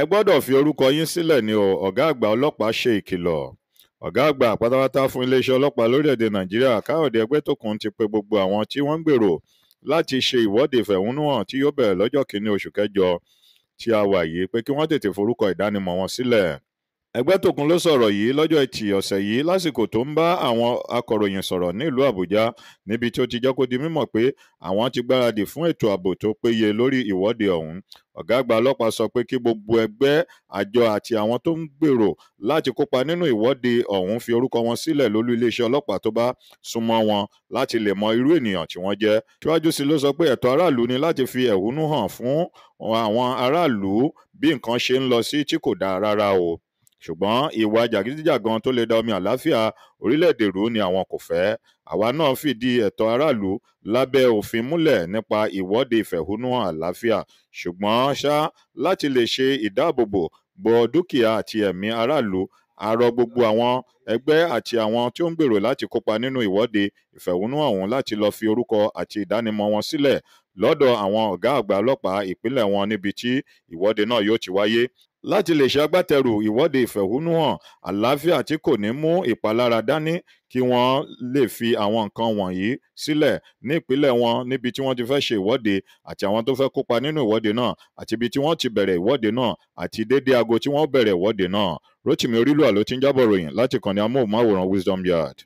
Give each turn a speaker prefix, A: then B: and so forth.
A: ẹ gbọ́dọ̀ fi orúkọ yín sílẹ̀ ni o ọ̀gá àgbà ọlọ́pàá ṣe ìkìlọ̀ ọ̀gá àgbà pátápátá fún iléeṣẹ́ ọlọ́pàá lórílẹ̀‐èdè nàìjíríà káyọ̀dé ẹgbẹ́tòkun ti pe gbogbo àwọn tí wọ́n ń gbèrò láti ṣe ìwọ́de ìfẹ̀hónúhàn tí yóò bẹ̀rẹ̀ lọ́jọ́ kìíní oṣù kẹjọ tí a wà yìí pé kí wọ́n tètè forúkọ ìdánimọ̀ wọn sílẹ̀ ẹgbẹ́tòkun ló sọ̀rọ̀ yìí lọ́jọ́ ẹtì ọ̀sẹ̀ yìí lásìkò tó ń bá àwọn akọ̀ròyìn sọ̀rọ̀ nílùú àbújá níbi tí ó ti jẹ́ kó di mímọ̀ pé àwọn ti gbáradì fún ètò ààbò tó péye lórí ìwọ́de ọ̀hún ọ̀gá àgbà ọlọ́pàá sọ pé kí gbogbo ẹgbẹ́ àjọ àti àwọn tó ń gbèrò láti kópa nínú ìwọ́de ọ̀hún fi orúkọ wọn sílẹ̀ lólú iléeṣẹ́ ọlọ́pàá tó bá súnmọ́ wọn láti lè mọ irú ènìyàn tí wọ́n jẹ́ síwájú sí ló sọ pé ẹ̀tọ́ aráàlú ni láti fi ẹ̀hónú hàn fún àwọn aráàlú bí nǹkan ṣe ń lọ sí tí kò dáa rárá o ṣùgbọ́n ìwà jàgídíjàgan tó lè da omi àlàáfíà orílẹ̀-èdè rú ni àwọn kò fẹ́ àwa náà fìdí ẹ̀tọ́ aráàlú lábẹ́ òfin múlẹ̀ nípa ìwọ́de ìfẹ̀hónúhàn àlàáfíà ṣùgbọ́n ṣá láti lè ṣe ìdáàbòbò bo dúkìá àti ẹ̀mí aráàlú a rọ gbogbo àwọn ẹgbẹ́ àti àwọn tí ó ń gbèrò láti kópa nínú ìwọ́de ìfẹ̀hónúhàn ọ̀hún láti lọ fi orúkọ àti ìdánimọ̀ wọn sílẹ̀ lọ́dọ̀ àwọn ọ̀gá àgbà ọlọ́pàá ìpínlẹ̀ wọn níbi tí ìwọ́de náà yóò ti wáyé láti lè ṣagbátẹrù ìwọ́de ìfẹ̀hónúhàn àlàáfíà tí kò ní mú ìpalára dání kí wọ́n lè fi àwọn nǹkan wọ̀nyí sílẹ̀ ní ìpínlẹ̀ wọn níbi tí wọ́n ti fẹ́ ṣe ìwọ́de àti àwọn tó fẹ́ kópa nínú ìwọ́de náà àti ibi tí wọ́n ti bẹ̀rẹ̀ ìwọ́de náà àti dédé aago tí wọ́n bẹ̀rẹ̀ ìwọ́de náà Rótìmí Orílùwà ló ti ń jábọ̀ ròyìn láti kàn ní amóhùnmáwòrán Wisdom Yard.